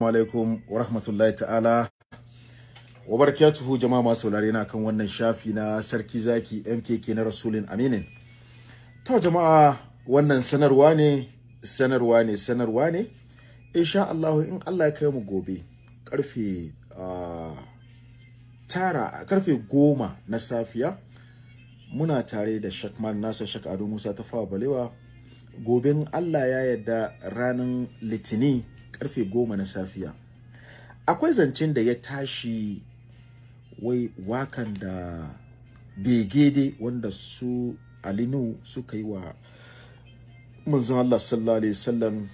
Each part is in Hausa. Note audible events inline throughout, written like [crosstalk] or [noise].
alaikum wa rahmatullahi ta'ala wa barakatuhu jama'a masu saurare na kan wannan shafi na sarki zaki mkk na rasulin aminin to jama'a wannan sanarwa ne sanarwa ne sanarwa ne insha Allah in Allah ya kai mu gobe karfe ah, tara karfe goma na safiya muna tare da shakman nasa shak ado musa ta fawa balewa in Allah ya yarda ranar litini karfe goma na safiya akwai zancen da ya tashi wai wakan da begede wanda su alinu suka yi wa manzon Allah sallallahu alaihi wasallam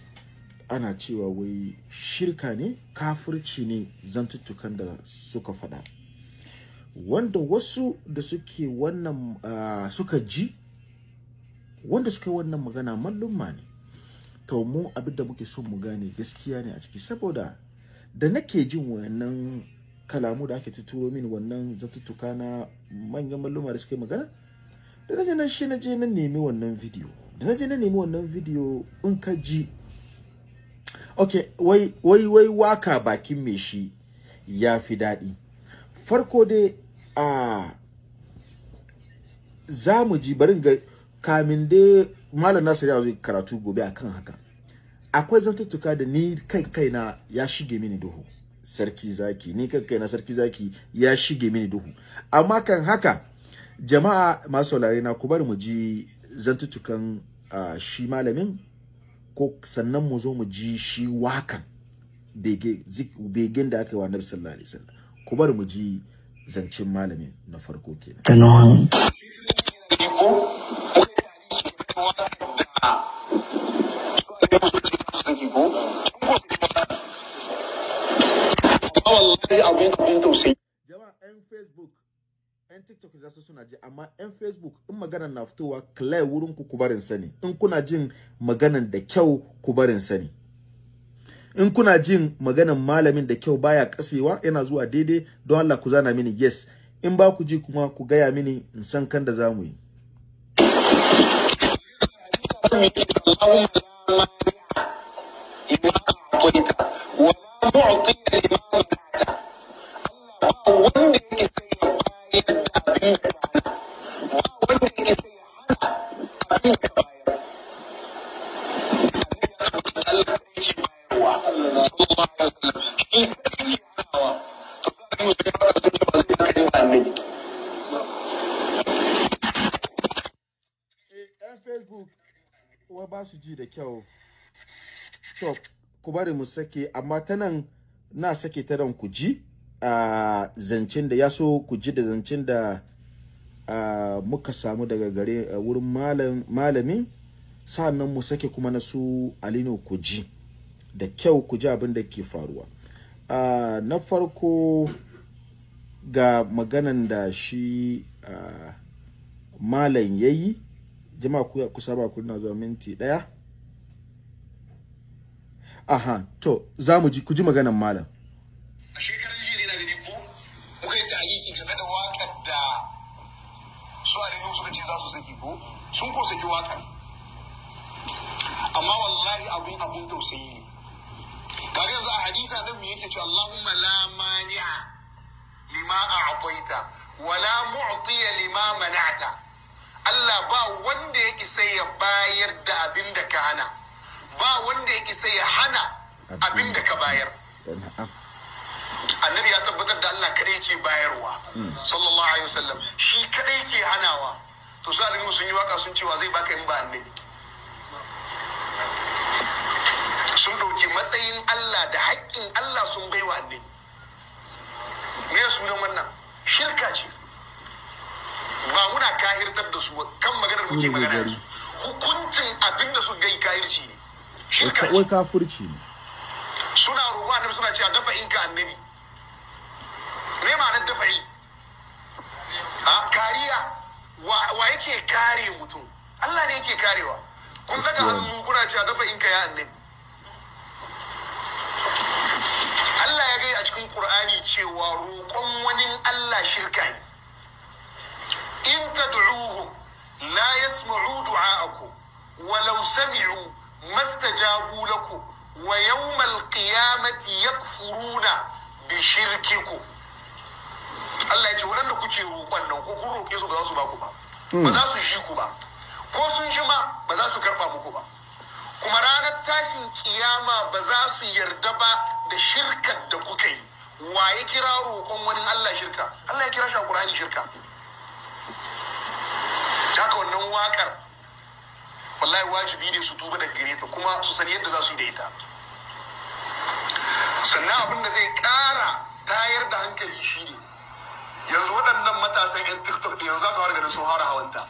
ana cewa wai shirka ne kafirci ne zantuttukan da suka faɗa wanda wasu da suke wannan ah, suka ji wanda suka yi wannan magana mallumma ne to mu abin da muke son mu gane gaskiya ne a ciki saboda da nake jin wannan kalamu da ake tuturo min wannan zatuttuka na manyan malluma da suke magana da na je na shi na je na nemi wannan video da na na nemi wannan video in ka ji ok wai wai wai waka bakin me shi ya fi daɗi farko dai a za mu ji barin ga kamin dai malam nasiru ya zo karatu gobe akan haka akwai zantuttuka da ni kai na ya shige mini duhu sarki zaki ni kai na sarki zaki ya shige mini duhu amma kan haka jama'a masu saurare na ku bari mu ji zantuttukan uh, shi malamin ko sannan mu zo mu ji shi wakan begen da aka yi wa annabi sallallahu alaihi wasallam ku bari mu ji zancen malamin na farko kenan wasu suna ji amma yan facebook in maganan na fitowa clear wurin ku kubarin sani in kuna jin maganan da kyau kubarin sani in kuna jin maganan malamin da kyau baya kasewa yana zuwa daidai don Allah ku zana mini yes in ba ku ji kuma ku gaya mini in san kan da zamu yi wanda yake yake da amfani da baya ba da ji da kyau ku bari mu sake amma tanan na sake ta dan ku ji a zancen da ya so ku ji da zancen da muka samu daga gare wurin malamin sa'annan mu sake kuma na su alino ku ji da kyau ku ji abin da ke faruwa na farko ga maganan da shi malam ya yi jama'a ku kusa ba kuna zuwa minti daya aha to za mu ji ku ji maganan malam a shekarar sun ko saki ne. amma wallahi abun abun tausayi ne kaga yanzu a hadisa nan me yake cewa Allahumma la mani'a lima a'taita wala mu'tiya lima mana'ta Allah ba wanda ya isa ya bayar da abin da ka hana ba wanda ya isa ya hana abin da ka bayar annabi ya tabbatar da Allah kadai ke bayarwa hmm. sallallahu alaihi wasallam shi kadai ke hanawa to su alimu sun yi waka sun cewa zai baka in ba sun ɗauki matsayin Allah da haƙƙin Allah sun bai wa annabi me sunan wannan shirka ce ba muna kahirtar da su kan maganar muke magana yanzu hukuncin abin da su gai kahirci ne shirka ce wai kafirci ne suna roƙo annabi suna cewa dafa in ka annabi me ma'anar dafa yi a ah, kariya wa yake kare mutum Allah ne yake karewa kun daga hannu kuna cewa dafa in ka ya annin? Allah ya gai a cikin Qur'ani cewa roƙon wani Allah shirka ne in tad'uhum la yasma'u du'a'akum walau sami'u mastajabu lakum wa yawmal qiyamati yakfuruna bi shirkikum Allah ya ce waɗanda kuke roƙon nan ko kun roƙe su ba za su ba ku ba hmm. ba za su shi ku ba ko sun shi ma ba za su karɓa muku ba kuma ranar tashin kiyama ba za su yarda ba da shirkar da kuka yi wa ya kira roƙon wani Allah shirka Allah ya kira shi a Qur'ani shirka haka wannan wakar wallahi wajibi ne su tuba da gare ta kuma su san yadda za su yi da ita sannan abin da zai ƙara tayar da hankali shi ne yanzu waɗannan matasan 'yan tiktok da yanzu aka ganin sun hara hawanta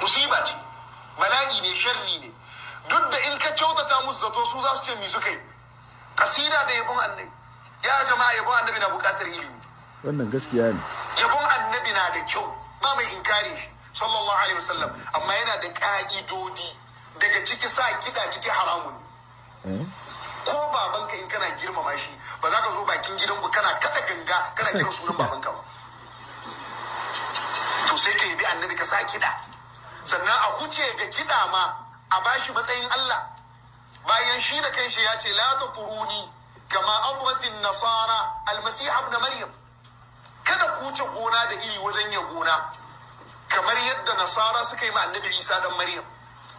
musiba ce bala'i ne sharri ne duk da in ka kyautata musu zato su za su ce mi suka yi kasida da yabon annabi ya jama'a yabon annabi na buƙatar ilimi wannan gaskiya ne yabon annabi na da kyau ba mai inkari shi sallallahu alaihi wasallam amma yana da ka'idodi daga ciki sa kida ciki haramun ko babanka in kana girmama shi ba za ka zo bakin gidanku kana kada ganga kana kira sunan babanka ba to sai ka yabi annabi ka sa kiɗa sannan a kuce ga kiɗa ma a bashi matsayin Allah bayan shi da kanshi ya ce la ta turuni kama auratin nasara almasiha ibn maryam kada ku gona da iri wajen ya gona kamar yadda nasara suka yi ma annabi isa dan maryam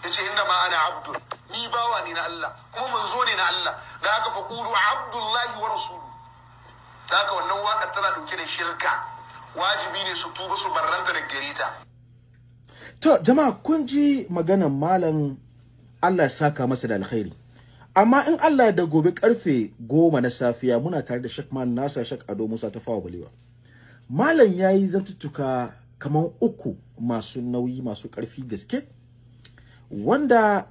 yace inda ma ana abdu ni bawa ne na Allah kuma manzo ne na Allah da haka fa qulu abdullahi wa rasulu da haka wannan waka tana dauke da shirka wajibi ne su tuba su barranta da gareta. ta to jama'a kun ji magana malam Allah ya saka masa da alkhairi amma in Allah da gobe karfe goma na safiya muna tare da Sheikh Man Nasa Sheikh Ado Musa ta fawa balewa malam yayi zantuttuka kamar uku masu nauyi masu karfi gaske wanda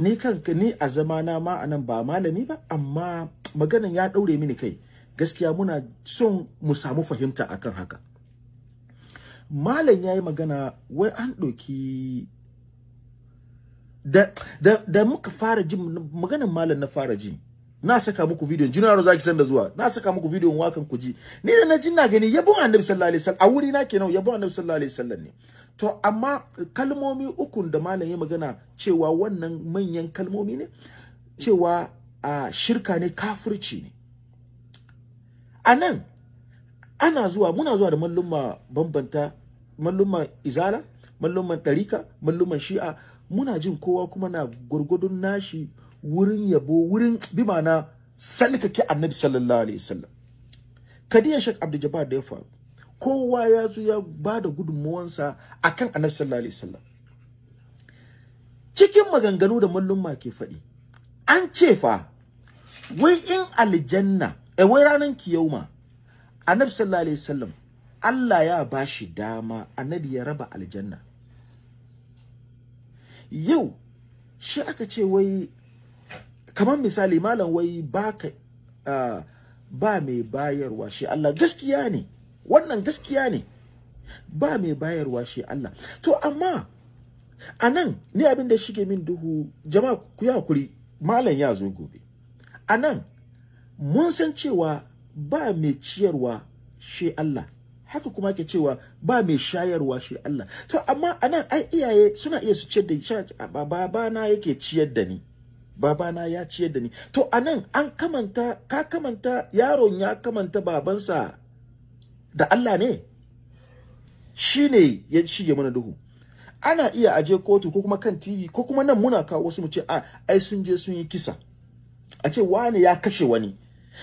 ni kanka ni a na ma anan ba malami ba amma maganan ya daure mini kai gaskiya muna son mu samu fahimta akan haka malam yayi magana wai an doki da da da muka fara jin maganan malam na fara ji na saka muku bidiyon yaro zaki san da zuwa na saka muku bidiyon wakan ku ji ni da na jin na gani yabon annabi sallallahu alaihi wasallam a wuri na kenan yabon annabi sallallahu alaihi wasallam ne to amma kalmomi ukun da malam ya magana cewa wannan manyan kalmomi ne cewa a shirka ne kafirci ne a nan ana zuwa muna zuwa da malluma bambanta malluma izala malluma ɗarika malluma shi'a muna jin kowa kuma na gurgudun nashi wurin yabo wurin bimana salkake annabi sallallahu alaihi wasallam kadiyan abdul jabbar da ya faru kowa ya zo ya ba da gudunmuwansa a kan annabi sallallahu alaihi wasallam cikin maganganu da mallumma ke faɗi an ce fa wai in aljanna e wai ranar kiyauma annabi sallallahu alaihi wasallam Allah ya ba shi dama annabi ya raba aljanna yau shi aka ce wai kamar misali malam wai baka uh, ah, ba mai bayarwa shi Allah gaskiya ne wannan gaskiya ne ba mai bayarwa shi Allah to amma a nan ni abin da shige min duhu jama'a ku hakuri malam ya zo gobe a nan mun san cewa ba mai ciyarwa shi Allah haka kuma ke cewa ba mai shayarwa shi Allah to amma a nan ai iyaye suna iya su ciyar da babana yake ciyar da ni babana ya ciyar da ni to a nan an kamanta ka kamanta yaron ya kamanta babansa da Allah ne shi ne ya shige mana duhu ana iya aje kotu ko kuma kan TV ko kuma nan muna kawo wasu mu ce a ah, ai sun je sun yi kisa a ce wani ya kashe wani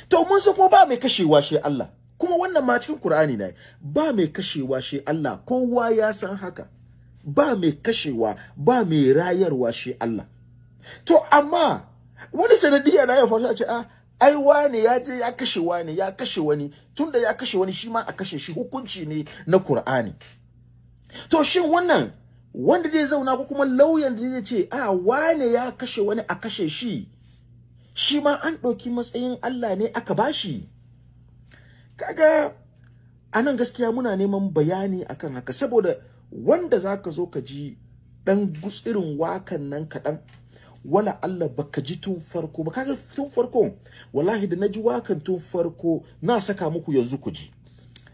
to mun so ko ba mai kashewa shi Allah kuma wannan ma cikin Qur'ani ne ba mai kashewa shi Allah kowa ya san haka ba mai kashewa ba mai rayarwa shi Allah to amma wani sanadiyya na ya faru a ce a ah, ai wane ya je ya kashe wane ya kashe wani tunda ya kashe wani shi ma a kashe shi hukunci ne na Kur'ani to shin wannan wanda zai zauna ko kuma lauyan da zai ce a ah, wane ya kashe wani a kashe shi shi ma an ɗauki matsayin Allah ne aka bashi kaga anan gaskiya muna neman bayani akan haka saboda wanda zaka zo ka ji dan gutsirin wakan nan kaɗan wala Allah baka ji tun farko ba kaga tun farko wallahi da naji wakan tun farko na saka muku yanzu ku ji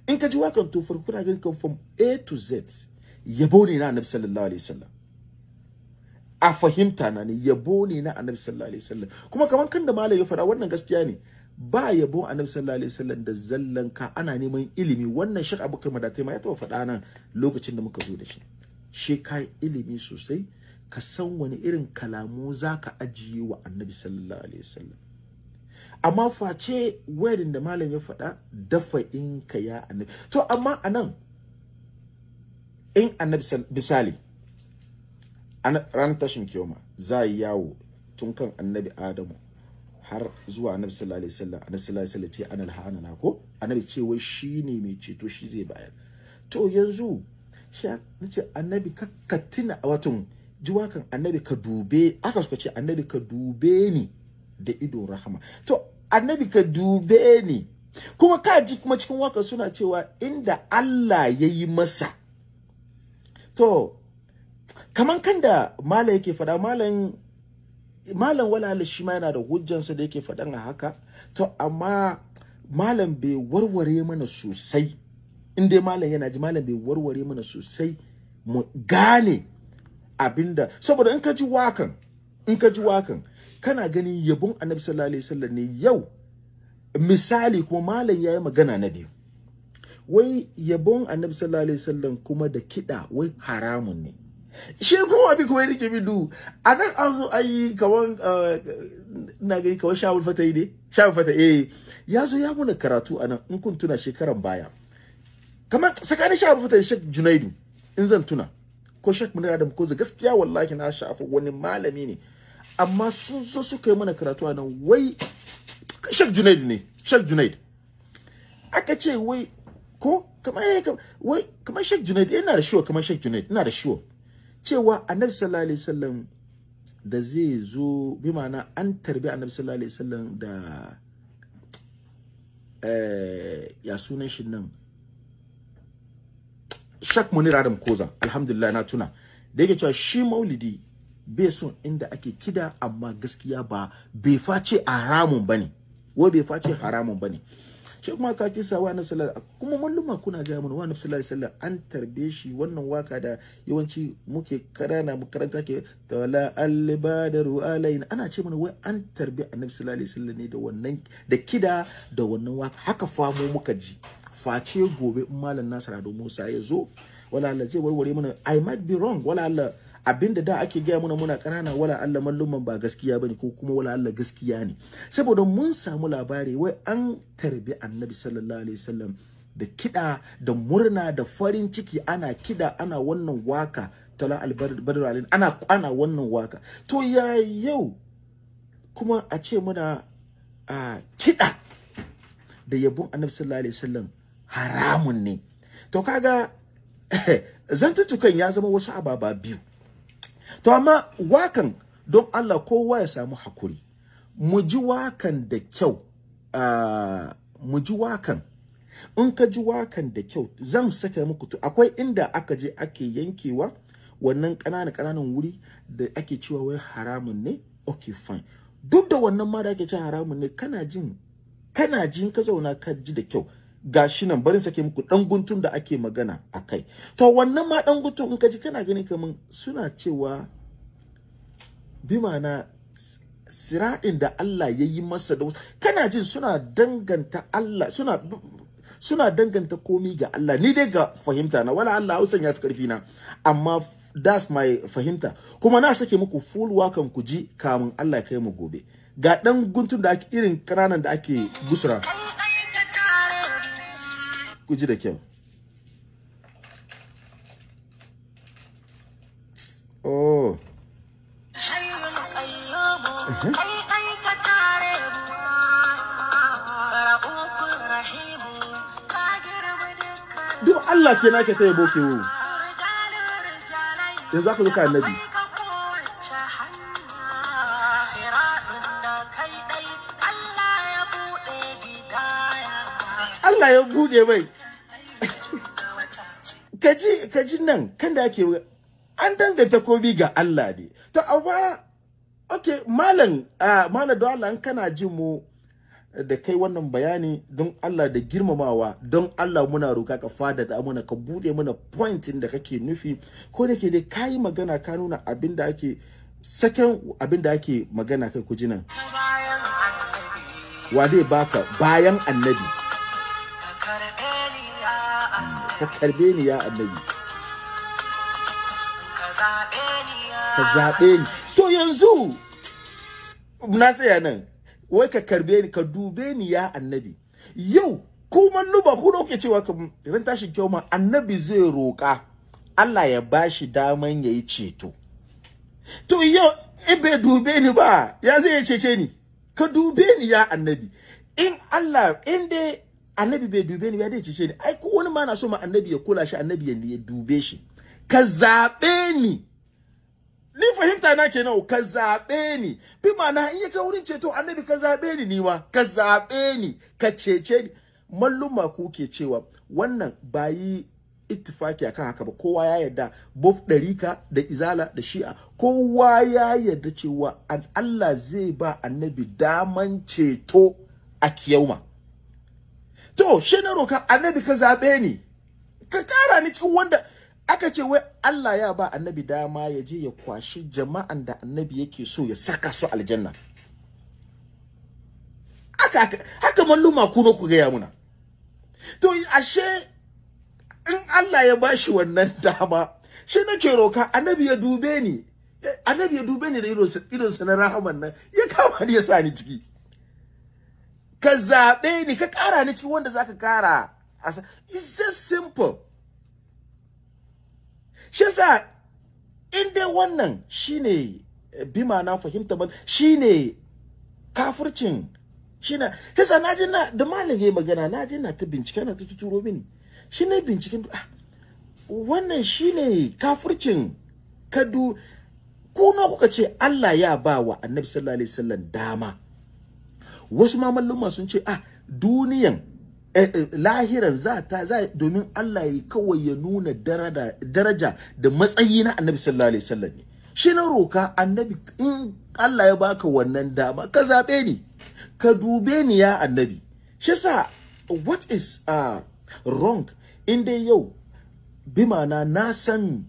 in ka ji wakan tun farko kuna ganin kan from A to Z yabo ne na Annabi sallallahu alaihi wasallam a fahimta na ne yabo ne na Annabi sallallahu alaihi wasallam kuma kaman kan da malai ya fara wannan gaskiya ne ba yabo annabi sallallahu alaihi wasallam da zallan ka ana neman ilimi wannan Sheikh Abubakar Madatai ma ya taba faɗa nan lokacin da muka zo da shi she kai ilimi sosai ka san wani irin kalamu zaka ajiye wa annabi sallallahu alaihi wasallam amma face wedin da malam ya faɗa dafa in ka ya annabi to amma anan in annabi misali ranar tashin kiyama za yi yawo tun kan annabi adamu har zuwa annabi sallallahu alaihi wasallam annabi sallallahu alaihi wasallam ce anal na ko annabi ce wai shine mai ceto shi zai bayar to yanzu shi nace annabi kakkatina a watan ji wakan annabi ka dube aka suka ce annabi ka dube ni da ido rahama to annabi ka dube ni kuma ka ji kuma cikin waka suna cewa inda Allah ya yi masa to kaman kan da malam yake fada malam malam wala shi ma yana da hujjansa da yake faɗan a haka to amma malam bai warware mana sosai inda malam yana ji malam bai warware mana sosai mu gane abinda saboda in ka ji wakan in ka ji wakan kana ganin yabon annabi sallallahu alaihi wasallam ne yau misali kuma malam yayi magana na biyu wai yabon annabi sallallahu alaihi wasallam kuma da kida wai haramun ne shi ko bi ko yake bidu a nan an zo ayi kaman ina eh, gani kaman shawul fatai ne shawul fatai eh ya zo ya muna karatu a nan in kun tuna shekaran baya kamar tsakanin shawul fatai shek junaidu in zan tuna ko Sheikh muna Adam Koza gaskiya wallahi na shafa wani malami ne amma sun zo suka yi mana karatu a nan wai Sheikh Junaid ne Sheikh Junaid aka ce wai ko kamar eh, wai kamar Sheikh Junaid eh, ina da shiwa kamar Sheikh Junaid ina da shiwa cewa Annabi sallallahu alaihi wasallam da zai zo bi ma'ana an tarbi Annabi sallallahu alaihi wasallam da eh ya sunan shi nan Shak Munir Adam Koza alhamdulillah na tuna da yake cewa shi maulidi bai son inda ake kida amma gaskiya ba bai face haramun bane wai bai face haramun bane shi kuma ka kisa wa na sallallahu kuma malluma kuna ga mun wa na sallallahu alaihi an tarbe shi wannan waka da yawanci muke karana mu karanta ke tawala albadaru alaina ana ce mana wai an tarbe annabi sallallahu alaihi wasallam ne da wannan da kida da wannan waka haka famo muka ji face gobe in malam Nasir Ado Musa ya zo wala Allah zai warware mana I might be wrong wala Allah abinda da ake gaya mana muna kanana wala Allah malluman ba gaskiya bane ko kuma wala Allah gaskiya ne saboda mun samu labari wai an tarbi Annabi sallallahu alaihi wasallam da kiɗa da murna da farin ciki ana kiɗa ana wannan waka tala albadar alin ana kwana wannan waka to ya yau kuma a ce muna a ah, kiɗa da yabon annabi sallallahu alaihi wasallam haramun ne to kaga [laughs] zantutukan ya zama wasu ababa biyu to amma wakan don Allah kowa ya samu hakuri mu ji wakan da kyau mu ji wakan in ka ji wakan da kyau zan saka muku to akwai inda aka je ake yankewa wannan ƙananan ƙananan wuri da ake cewa wai haramun ne okay fine duk da wannan ma da ake cewa haramun ne kana jin kana jin ka zauna ka ji da kyau gashi nan barin sake muku dan guntun da ake magana a kai to wannan ma dan guntun in ka kana gani kaman suna cewa bi ma'ana siraɗin da Allah ya yi masa da kana jin suna danganta Allah suna suna danganta komi ga Allah ni dai ga fahimta na wala Allah Hausan ya fi karfi na amma that's my fahimta kuma na sake muku full wakan ku ji kamun Allah kai mu gobe ga dan guntun da ake irin kananan da ake gusura ku da kyau oh duk Allah ke nake ta yabo ke wo yanzu aka zuka annabi Allah ya bude mai kaji kaji nan kan da ake an danganta kobi ga Allah ne to amma okay malam uh, malam do Allah kana jin mu da kai wannan bayani don Allah da girmamawa don Allah muna roka ka fada da amana ka bude mana point da kake nufi ko da ke dai kayi magana ka nuna abin ake saken abin da ake magana kai kujinan wa zai baka bayan annabi ka karbe ni ya annabi ka zaɓe ni to yanzu na tsaya nan wai ka karbe ni ka dube ni ya annabi yau kuma nuba ku dauke cewa ka ran tashi kyau ma annabi zai roka Allah ya bashi daman yayi ceto to yau in bai dube ni ba ya zai cece ni ka dube ni ya annabi in Allah in dai annabi bai dube ni ya dai cece ni ai ko wani ma na so ma annabi ya kula shi annabi ya dube shi ka zabe ni ni fahimta na kenan ka zabe ni bi ma'ana in ya kai wurin ceto annabi ka zabe ni ni ma ka zabe ni ka cece ni malluma ku ke cewa wannan bayi ittifaki akan haka ba kowa ya yarda bof ɗarika da izala da shi'a kowa ya yarda cewa Allah zai ba annabi daman ceto a kiyauma to she na roka annabi ka zabe ni ka kara ni cikin wanda aka ce wai Allah ya ba annabi dama ya je ya kwashi jama'an da annabi yake so ya saka su aljanna haka haka malluma kuno ku gaya muna to ashe in Allah ya bashi wannan [laughs] dama shi nake roka annabi ya dube ni annabi ya dube ni da idonsa na rahaman nan ya kama ni ya sa ni ciki ka zaɓe ni ka ƙara ni cikin wanda za ka ƙara it's just simple shi yasa in dai wannan shine eh, bima na fahimta ba shine kafircin na yasa naji na da yi magana na ji na ta bincike na ta tuturo mini shine binciken bincike. Ah, wannan shine kafircin kadu ko na kuka ce Allah ya ba wa Annabi sallallahu alaihi wasallam dama wasu ma malluma sun ce ah duniyan eh, eh, lahiran za ta za domin Allah ya kawai ya nuna daraja da matsayi na annabi sallallahu alaihi wasallam shi na roka annabi in Allah ya baka wannan dama ka zabe ni ka dube ni ya annabi shi sa what is uh, wrong in dai yau bimana na san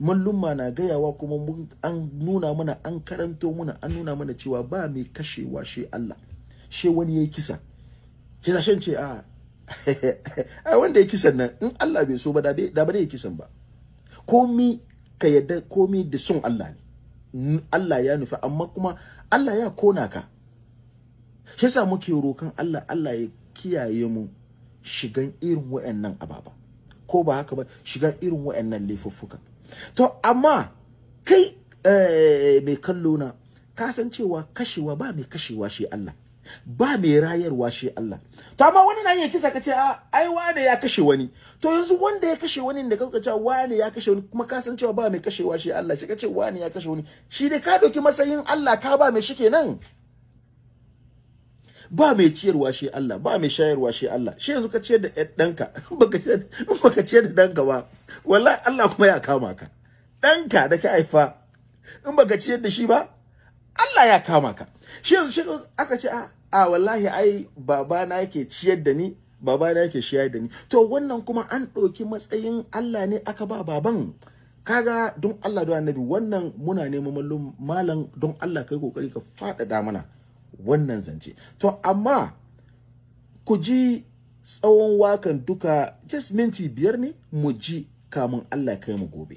mallumma na gayawa kuma an nuna mana an karanto mana an nuna mana cewa ba mai kashewa shi Allah she wani yayi kisa shi za ce a ah, [laughs] a wanda ya kisan nan in Allah bai so ba da ba da ya kisan ba komi ka yadda komi da sun Allah ne Allah ya nufi amma kuma Allah ya kona ka shi yasa muke rokan Allah Allah ya kiyaye mu shigan irin wayannan ababa ko ba haka ba shigan irin wayannan laifuffuka to amma kai eh, mai kallo na kasancewa kashewa ba mai kashewa shi Allah ba mai rayarwa shi Allah to amma wani na iya kisa kace a ah, ai wane ya kashe wani to yanzu wanda ya kashe wani da kaga cewa wane ya kashe wani kuma ka san cewa ba mai kashewa shi Allah shi kace wane ya kashe wani shi dai ka doki matsayin Allah ka ba mai shi kenan ba mai ciyarwa shi Allah ba mai shayarwa shi Allah shi yanzu ka ciyar da ɗanka, [laughs] baka ciyar [laughs] baka ciyar da ɗanka ba wallahi Allah kuma ya kama ka Ɗanka da ka haifa in baka ciyar da shi ba Allah ya kama ka shi yanzu aka ce a ah, a wallahi ai babana yake ciyar da ni babana yake shayar da ni to wannan kuma an ɗauki matsayin Allah ne aka ba baban kaga don Allah da annabi wannan muna neman mallum malam don Allah kai kokari ka faɗaɗa mana wannan zance to amma ku ji tsawon wakan duka just minti biyar ne mu ji kamun Allah kai mu gobe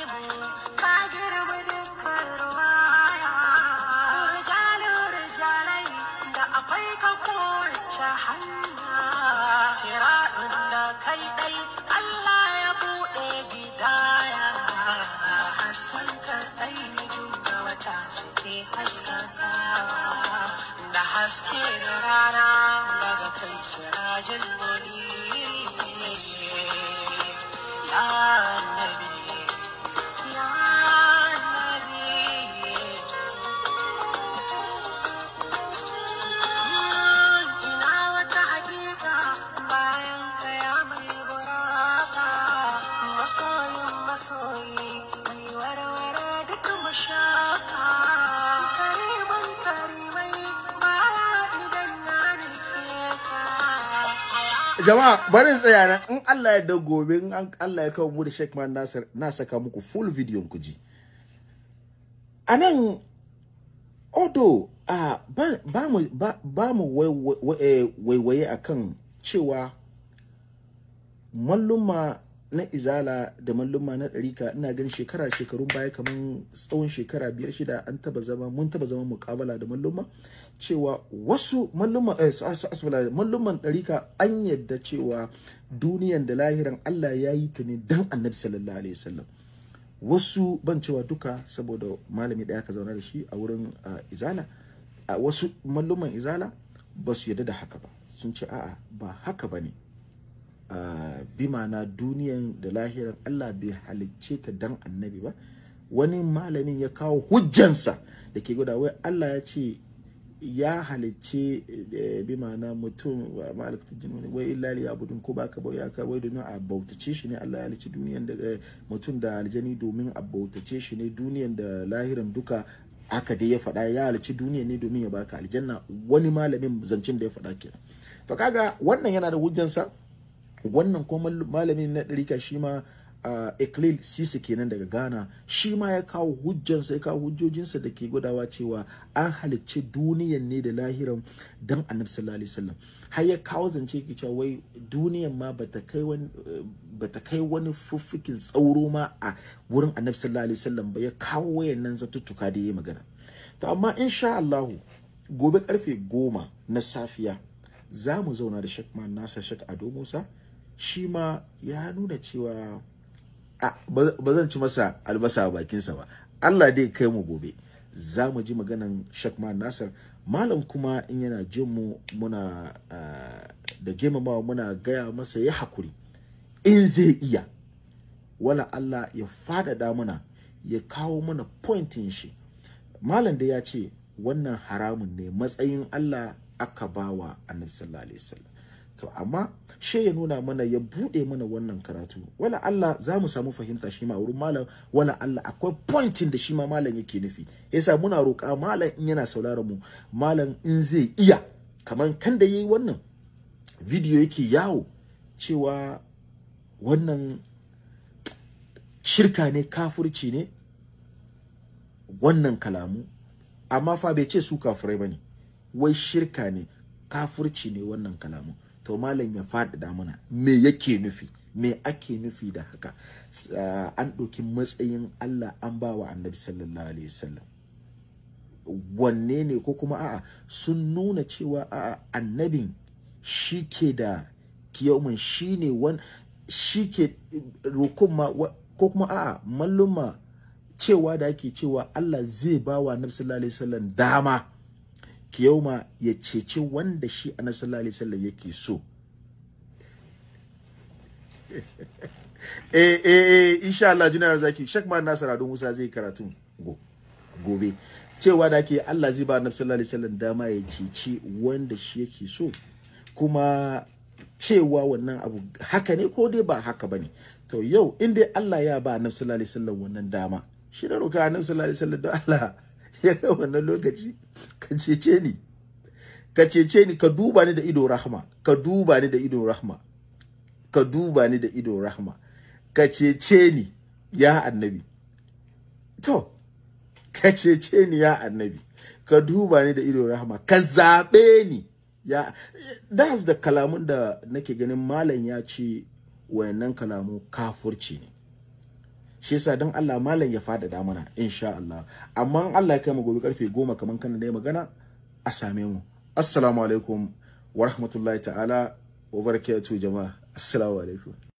jama'a barin tsaya na in Allah ya da gobe in Allah ya kawo mu da Sheikh Man Nasir na saka muku full video ku ji anan odo a ba mu ba mu eh, waiwaye akan cewa malluma na izala da malluma na ɗarika ina gan shekara shekarun baya kamar tsawon shekara biyar shida an taba zama mun taba zama mukabala da malluma cewa wasu malluma eh, malluman ɗarika an yadda cewa duniyan da lahiran Allah ya yi ta ne dan annabi sallallahu alaihi wasallam wasu ban cewa duka saboda malami ɗaya ka zauna da shi a wurin ah, izala ah, wasu malluman izala ba su yadda da haka ba sun ce a'a ba haka ba ne bi ma'ana duniyan da lahiran Allah bai halicce ta dan annabi ba wani malamin ya kawo hujjansa da ke gwada wai Allah ya ce ya halicce eh, bi ma'ana mutum wa wai illa li abudun ko baka bau ya ka wai domin a bautace shi ne Allah ya halicce duniyan da eh, mutum da aljani domin a bautace shi ne duniyan da lahiran duka aka dai ya faɗa ya halicci duniya ne domin ya baka aljanna wani malamin zancen da ya faɗa kenan to kaga wannan yana da hujjansa wannan kuma malamin na ɗarika shi ma uh, Eklil Sisi kenan daga Ghana shi ma ya kawo hujjansa ya kawo hujjojinsa da ke gudawa cewa an halicci duniyan ne da lahiran dan Annabi sallallahu alaihi har ya kawo zance ki cewa wai duniyan ma bata kai wani bata kai wani fuffukin tsauro ma a wurin Annabi sallallahu alaihi ba ya kawo wayannan zatuttuka da yayi magana to amma insha Allah gobe karfe goma na safiya za mu zauna da Sheikh Man Nasir Sheikh Ado Musa shi ma ya nuna cewa ba zan ci masa albasa a bakinsa ba Allah dai kai mu gobe za mu ji maganan Shakman Nasir malam kuma in yana jin mu muna da girmamawa muna gaya masa ya hakuri in zai iya wala Allah ya fadada mana ya kawo mana pointin shi malam da ya ce wannan haramun ne matsayin Allah aka bawa annabi sallallahu alaihi wasallam to amma she ya nuna mana ya bude mana wannan karatu wala Allah za mu samu fahimta shi ma wurin malam wala Allah akwai pointin da shi ma malam yake nufi yasa muna roƙa malam in yana sauraron mu malam in zai iya kaman kan da yayi wannan video yake yawo cewa wannan shirka ne kafurci ne wannan kalamu amma fa bai ce su kafurai bane wai shirka ne kafurci ne wannan kalamu to malam ya faɗaɗa mana me yake nufi me ake nufi da haka ah, an ɗauki matsayin Allah an ba wa annabi sallallahu alaihi wasallam wanne ne ko kuma a'a sun nuna cewa a'a annabin shi ke da kiyomin shi ne wan shi ke rukun ma ko kuma a'a malluma cewa da ake cewa Allah zai ba wa annabi sallallahu alaihi wasallam dama kiyauma ya ceci wanda shi annabi sallallahu alaihi wasallam yake so [laughs] eh eh eh insha Allah jinar zaki shek ma nasar Ado Musa zai karatu go gobe cewa da ke Allah zai ba annabi sallallahu alaihi wasallam dama ya ceci wanda shi yake so kuma cewa wannan abu haka ne ko dai ba haka bane to yau in dai Allah ya ba annabi sallallahu alaihi wasallam wannan dama shi da roka annabi sallallahu alaihi wasallam don Allah [laughs] ya ga wannan lokaci ka cece ni ka cece ni ka duba ni da ido rahma ka duba ni da ido rahma ka duba ni da ido rahma ka cece ni ya annabi to ka cece ni ya annabi ka duba ni da ido rahma ka zabe ni ya that's the kalamun da nake ganin malam ya ce wayannan kalamu kafurci ne shi yasa dan Allah malam ya fadada mana insha Allah amma Allah ya kai mu gobe karfe 10 kaman kana da magana a same mu assalamu alaikum wa rahmatullahi ta'ala wa barakatuh jama'a assalamu alaikum